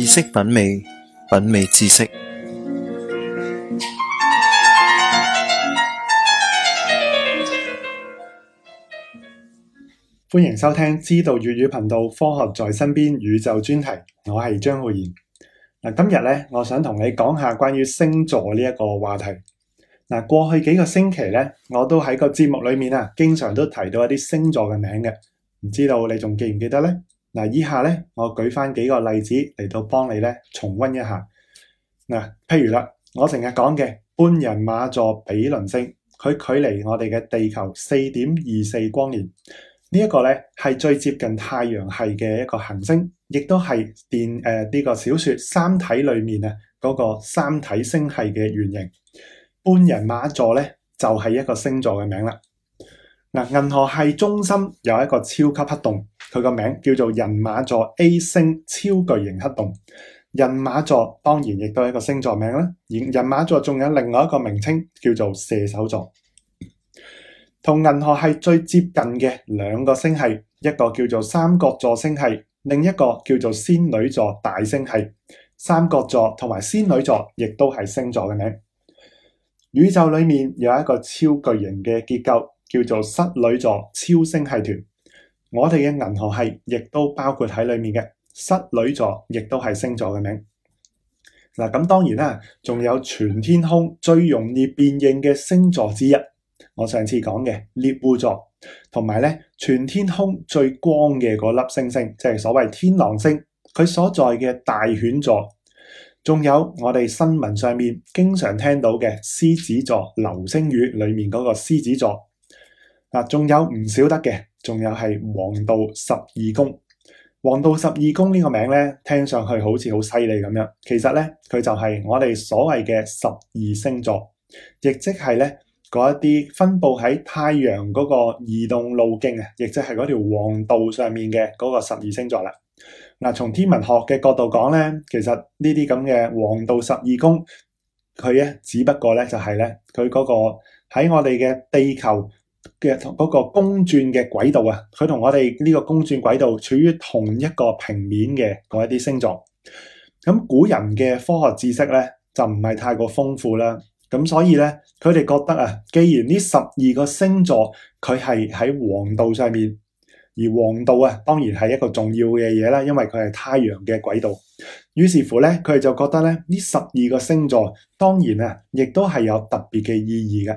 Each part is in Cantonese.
知識品味，品味知識。歡迎收聽知道粵語頻道《科學在身邊·宇宙》專題，我係張浩然。嗱，今日咧，我想同你講下關於星座呢一個話題。嗱，過去幾個星期咧，我都喺個節目裏面啊，經常都提到一啲星座嘅名嘅，唔知道你仲記唔記得呢？嗱，以下咧，我舉翻幾個例子嚟到幫你咧重溫一下。嗱，譬如啦，我成日講嘅半人馬座比鄰星，佢距離我哋嘅地球四點二四光年，這個、呢一個咧係最接近太陽系嘅一個行星，亦都係電誒呢、呃這個小說《三體》裡面啊嗰、那個三體星系嘅原型。半人馬座咧就係、是、一個星座嘅名啦。嗱，銀河系中心有一個超級黑洞。佢個名叫做人馬座 A 星超巨型黑洞。人馬座當然亦都係一個星座名啦。而人馬座仲有另外一個名稱叫做射手座。同銀河系最接近嘅兩個星系，一個叫做三角座星系，另一個叫做仙女座大星系。三角座同埋仙女座亦都係星座嘅名。宇宙裡面有一個超巨型嘅結構，叫做室女座超星系團。我哋嘅銀河系，亦都包括喺裏面嘅室女座，亦都係星座嘅名。嗱，咁當然啦，仲有全天空最容易辨認嘅星座之一，我上次講嘅獵戶座，同埋咧全天空最光嘅嗰粒星星，即係所謂天狼星，佢所在嘅大犬座。仲有我哋新聞上面經常聽到嘅獅子座流星雨裏面嗰個獅子座。嗱，仲有唔少得嘅，仲有係黃道十二宮。黃道十二宮呢個名咧，聽上去好似好犀利咁樣，其實咧佢就係我哋所謂嘅十二星座，亦即係咧嗰一啲分布喺太陽嗰個移動路徑啊，亦即係嗰條黃道上面嘅嗰個十二星座啦。嗱，從天文學嘅角度講咧，其實呢啲咁嘅黃道十二宮，佢咧只不過咧就係咧佢嗰個喺我哋嘅地球嘅、那、嗰個公轉嘅軌道啊，佢同我哋呢個公轉軌道處於同一個平面嘅嗰一啲星座。咁古人嘅科學知識咧就唔係太過豐富啦。咁所以咧，佢哋覺得啊，既然呢十二個星座佢係喺黃道上面，而黃道啊當然係一個重要嘅嘢啦，因為佢係太陽嘅軌道。於是乎咧，佢哋就覺得咧，呢十二個星座當然啊，亦都係有特別嘅意義嘅。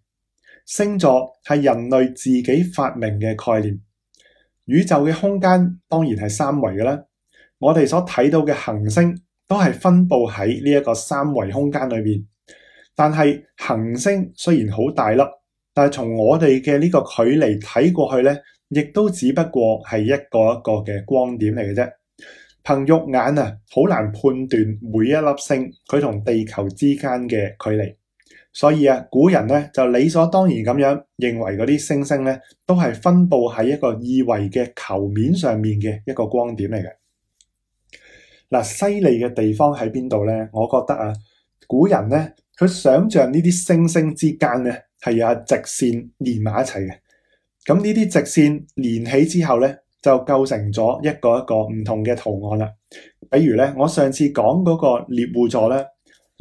星座係人類自己發明嘅概念，宇宙嘅空間當然係三維嘅啦。我哋所睇到嘅行星都係分布喺呢一個三維空間裏面。但係行星雖然好大粒，但係從我哋嘅呢個距離睇過去呢，亦都只不過係一個一個嘅光點嚟嘅啫。憑肉眼啊，好難判斷每一粒星佢同地球之間嘅距離。所以啊，古人咧就理所當然咁樣認為嗰啲星星咧都係分布喺一個二維嘅球面上面嘅一個光點嚟嘅。嗱、啊，犀利嘅地方喺邊度咧？我覺得啊，古人咧佢想象呢啲星星之間咧係有直線連埋一齊嘅。咁呢啲直線連起之後咧，就構成咗一個一個唔同嘅圖案啦。比如咧，我上次講嗰個獵戶座咧。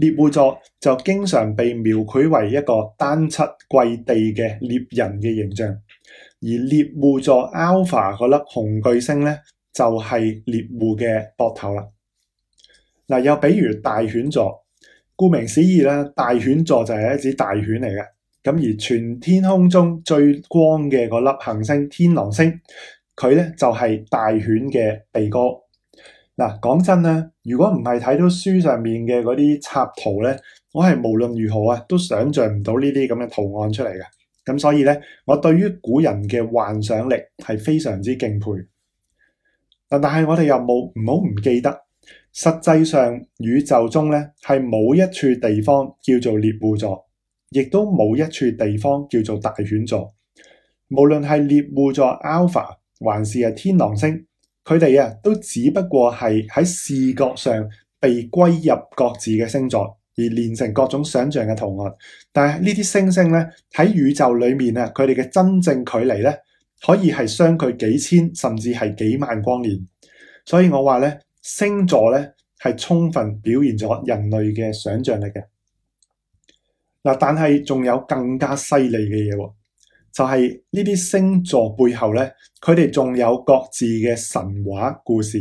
獵戶座就經常被描繪為一個單膝跪地嘅獵人嘅形象，而獵戶座 Alpha 嗰粒紅巨星咧就係獵戶嘅膊頭啦。嗱，又比如大犬座，顧名思義啦，大犬座就係一隻大犬嚟嘅。咁而全天空中最光嘅嗰粒行星天狼星，佢咧就係大犬嘅鼻哥。嗱，講真咧，如果唔係睇到書上面嘅嗰啲插圖咧，我係無論如何啊，都想像唔到呢啲咁嘅圖案出嚟嘅。咁所以咧，我對於古人嘅幻想力係非常之敬佩。嗱，但係我哋又冇唔好唔記得，實際上宇宙中咧係冇一處地方叫做獵戶座，亦都冇一處地方叫做大犬座。無論係獵戶座 Alpha 還是係天狼星。佢哋啊，都只不過係喺視覺上被歸入各自嘅星座，而連成各種想象嘅圖案。但係呢啲星星咧喺宇宙裏面啊，佢哋嘅真正距離咧可以係相距幾千甚至係幾萬光年。所以我話咧，星座咧係充分表現咗人類嘅想象力嘅。嗱，但係仲有更加犀利嘅嘢喎。就係呢啲星座背後咧，佢哋仲有各自嘅神話故事。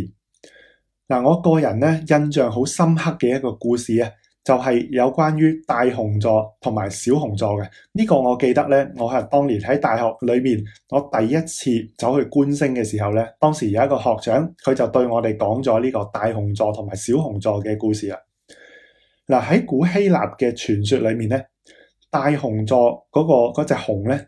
嗱、啊，我個人咧印象好深刻嘅一個故事啊，就係、是、有關於大熊座同埋小熊座嘅。呢、這個我記得咧，我係當年喺大學裏面，我第一次走去觀星嘅時候咧，當時有一個學長，佢就對我哋講咗呢個大熊座同埋小熊座嘅故事啦。嗱、啊，喺古希臘嘅傳說裏面咧，大熊座、那個、熊座嗰個嗰隻熊咧。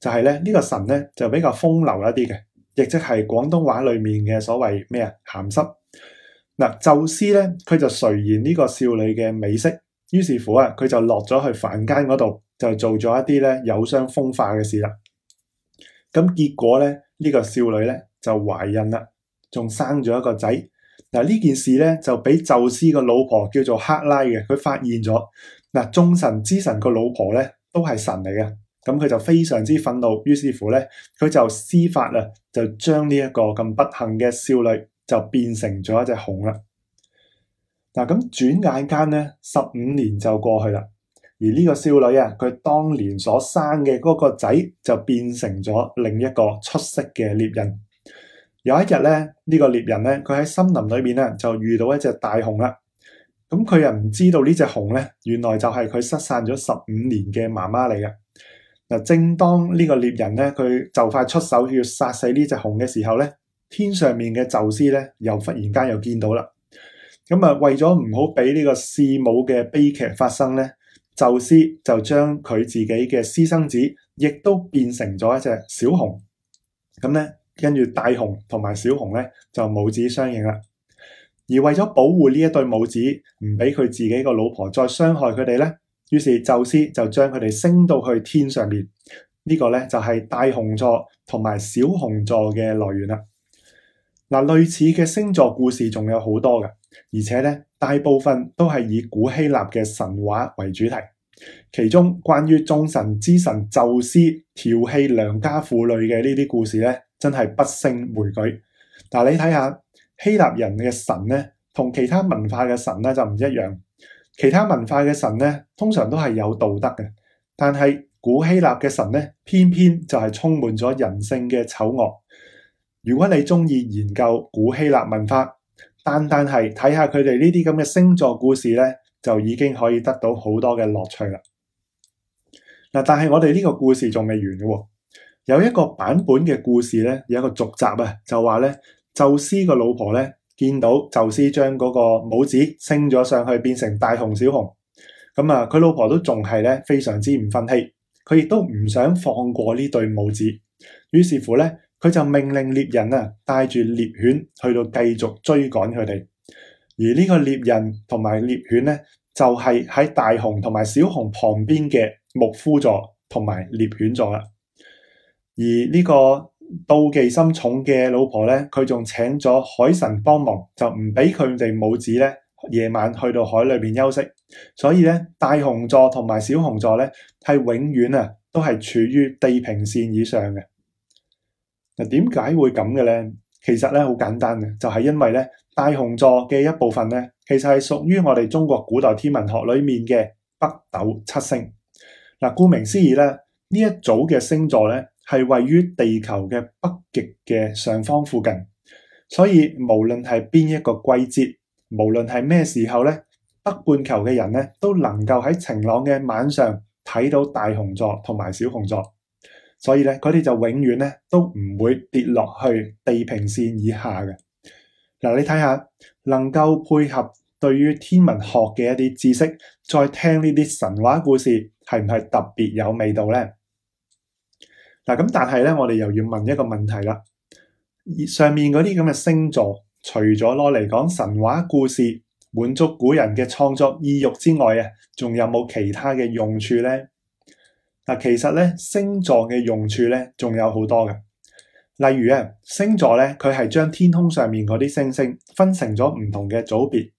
就係咧呢個神咧就比較風流一啲嘅，亦即係廣東話裏面嘅所謂咩啊，咸濕嗱。宙斯咧佢就垂涎呢個少女嘅美色，於是乎啊佢就落咗去凡間嗰度，就做咗一啲咧有傷風化嘅事啦。咁結果咧呢個少女咧就懷孕啦，仲生咗一個仔。嗱，呢件事咧就俾宙斯個老婆叫做克拉嘅佢發現咗。嗱，眾神之神個老婆咧都係神嚟嘅。咁佢就非常之憤怒，於是乎呢，佢就施法啊，就將呢一個咁不幸嘅少女就變成咗一隻熊啦。嗱、啊，咁轉眼間呢，十五年就過去啦。而呢個少女啊，佢當年所生嘅嗰個仔就變成咗另一個出色嘅獵人。有一日呢，呢、這個獵人呢，佢喺森林裏面呢，就遇到一隻大熊啦。咁佢又唔知道呢隻熊呢，原來就係佢失散咗十五年嘅媽媽嚟嘅。就正當呢個獵人咧，佢就快出手要殺死呢隻熊嘅時候咧，天上面嘅宙斯咧，又忽然間又見到啦。咁啊，為咗唔好俾呢個弑母嘅悲劇發生咧，宙斯就將佢自己嘅私生子，亦都變成咗一隻小熊。咁咧，跟住大熊同埋小熊咧，就母子相認啦。而為咗保護呢一對母子，唔俾佢自己個老婆再傷害佢哋咧。於是宙斯就將佢哋升到去天上面，呢、呢個咧就係大熊座同埋小熊座嘅來源啦。嗱，類似嘅星座故事仲有好多嘅，而且咧大部分都係以古希臘嘅神話為主題。其中關於眾神之神宙斯調戲良家婦女嘅呢啲故事咧，真係不勝枚舉。嗱，你睇下希臘人嘅神咧，同其他文化嘅神咧就唔一樣。其他文化嘅神呢，通常都係有道德嘅，但係古希臘嘅神呢，偏偏就係充滿咗人性嘅醜惡。如果你中意研究古希臘文化，單單係睇下佢哋呢啲咁嘅星座故事呢，就已經可以得到好多嘅樂趣啦。嗱，但係我哋呢個故事仲未完嘅，有一個版本嘅故事呢，有一個續集啊，就話呢，宙斯個老婆呢，見到宙斯將嗰個母子升咗上去，變成大熊、小熊。咁啊，佢老婆都仲係咧非常之唔忿氣，佢亦都唔想放過呢對母子，於是乎咧，佢就命令獵人啊帶住獵犬去到繼續追趕佢哋，而呢個獵人同埋獵犬咧就係喺大熊同埋小熊旁邊嘅牧夫座同埋獵犬座啦，而呢個。妒忌心重嘅老婆咧，佢仲請咗海神幫忙，就唔俾佢哋母子咧夜晚去到海裏邊休息。所以咧，大熊座同埋小熊座咧係永遠啊都係處於地平線以上嘅。嗱，點解會咁嘅咧？其實咧好簡單嘅，就係因為咧大熊座嘅一部分咧，其實係屬於我哋中國古代天文學裏面嘅北斗七星。嗱，顧名思義咧，呢一組嘅星座咧。係位於地球嘅北極嘅上方附近，所以無論係邊一個季節，無論係咩時候呢，北半球嘅人呢，都能夠喺晴朗嘅晚上睇到大熊座同埋小熊座，所以咧佢哋就永遠呢都唔會跌落去地平線以下嘅。嗱，你睇下，能夠配合對於天文學嘅一啲知識，再聽呢啲神話故事，係唔係特別有味道呢？嗱咁，但係咧，我哋又要問一個問題啦。上面嗰啲咁嘅星座，除咗攞嚟講神話故事，滿足古人嘅創作意欲之外啊，仲有冇其他嘅用處呢？嗱，其實咧，星座嘅用處咧，仲有好多嘅。例如啊，星座咧，佢係將天空上面嗰啲星星分成咗唔同嘅組別，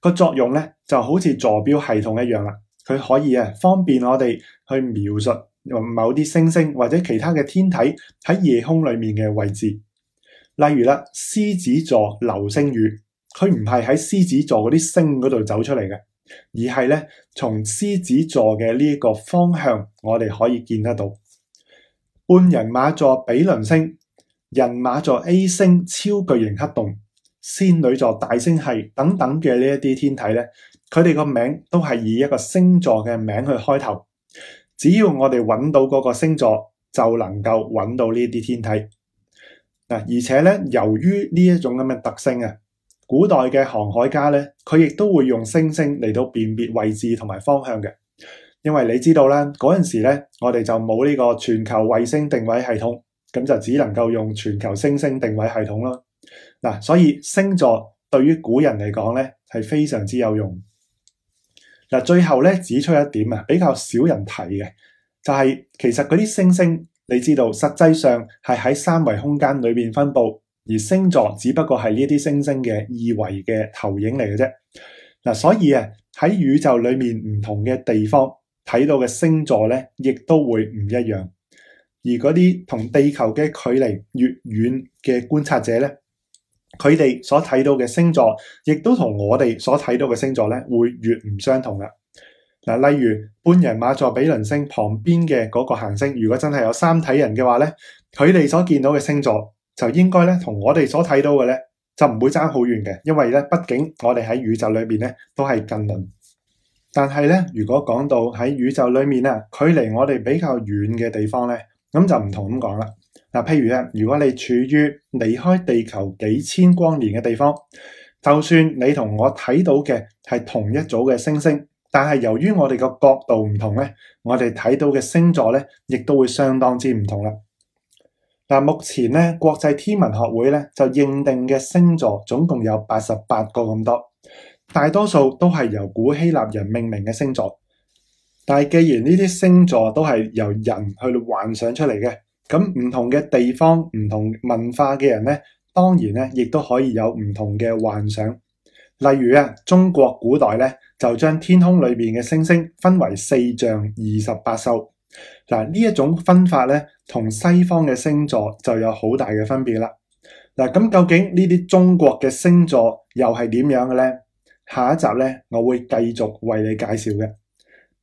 個作用咧就好似坐標系統一樣啦。佢可以啊，方便我哋去描述。用某啲星星或者其他嘅天體喺夜空裏面嘅位置，例如啦，獅子座流星雨，佢唔係喺獅子座嗰啲星嗰度走出嚟嘅，而係咧從獅子座嘅呢一個方向，我哋可以見得到半人馬座比鄰星、人馬座 A 星超巨型黑洞、仙女座大星系等等嘅呢一啲天體咧，佢哋個名都係以一個星座嘅名去開頭。只要我哋揾到嗰個星座，就能夠揾到呢啲天體嗱。而且咧，由於呢一種咁嘅特性啊，古代嘅航海家咧，佢亦都會用星星嚟到辨別位置同埋方向嘅。因為你知道啦，嗰陣時咧，我哋就冇呢個全球衛星定位系統，咁就只能夠用全球星星定位系統啦。嗱，所以星座對於古人嚟講咧，係非常之有用。嗱，最後咧，指出一點啊，比較少人提嘅，就係其實嗰啲星星，你知道實際上係喺三維空間裏面分佈，而星座只不過係呢啲星星嘅二維嘅投影嚟嘅啫。嗱，所以啊，喺宇宙裏面唔同嘅地方睇到嘅星座咧，亦都會唔一樣，而嗰啲同地球嘅距離越遠嘅觀察者咧。佢哋所睇到嘅星座，亦都同我哋所睇到嘅星座咧，會越唔相同啦。嗱，例如半人馬座比鄰星旁邊嘅嗰個行星，如果真係有三體人嘅話咧，佢哋所見到嘅星座就應該咧，同我哋所睇到嘅咧，就唔會爭好遠嘅，因為咧，畢竟我哋喺宇宙裏邊咧都係近鄰。但係咧，如果講到喺宇宙裡面啊，距離我哋比較遠嘅地方咧，咁就唔同咁講啦。嗱，譬如咧，如果你處於離開地球幾千光年嘅地方，就算你同我睇到嘅係同一組嘅星星，但係由於我哋個角度唔同咧，我哋睇到嘅星座咧，亦都會相當之唔同啦。嗱，目前咧，國際天文學會咧就認定嘅星座總共有八十八個咁多，大多數都係由古希臘人命名嘅星座。但係既然呢啲星座都係由人去幻想出嚟嘅。咁唔同嘅地方，唔同文化嘅人呢，當然呢亦都可以有唔同嘅幻想。例如啊，中國古代呢，就將天空裏面嘅星星分為四象二十八宿。嗱，呢一種分法呢，同西方嘅星座就有好大嘅分別啦。嗱，咁究竟呢啲中國嘅星座又係點樣嘅呢？下一集呢，我會繼續為你介紹嘅。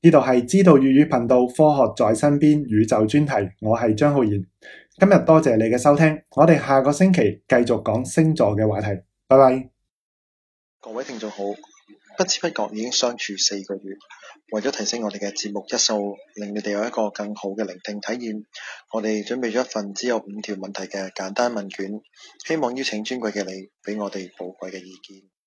呢度係知道粵語頻道《科學在身邊》宇宙專題，我係張浩然。今日多謝你嘅收聽，我哋下個星期繼續講星座嘅話題。拜拜。各位聽眾好，不知不覺已經相處四個月，為咗提升我哋嘅節目質素，令你哋有一個更好嘅聆聽體驗，我哋準備咗一份只有五條問題嘅簡單問卷，希望邀請尊貴嘅你俾我哋寶貴嘅意見。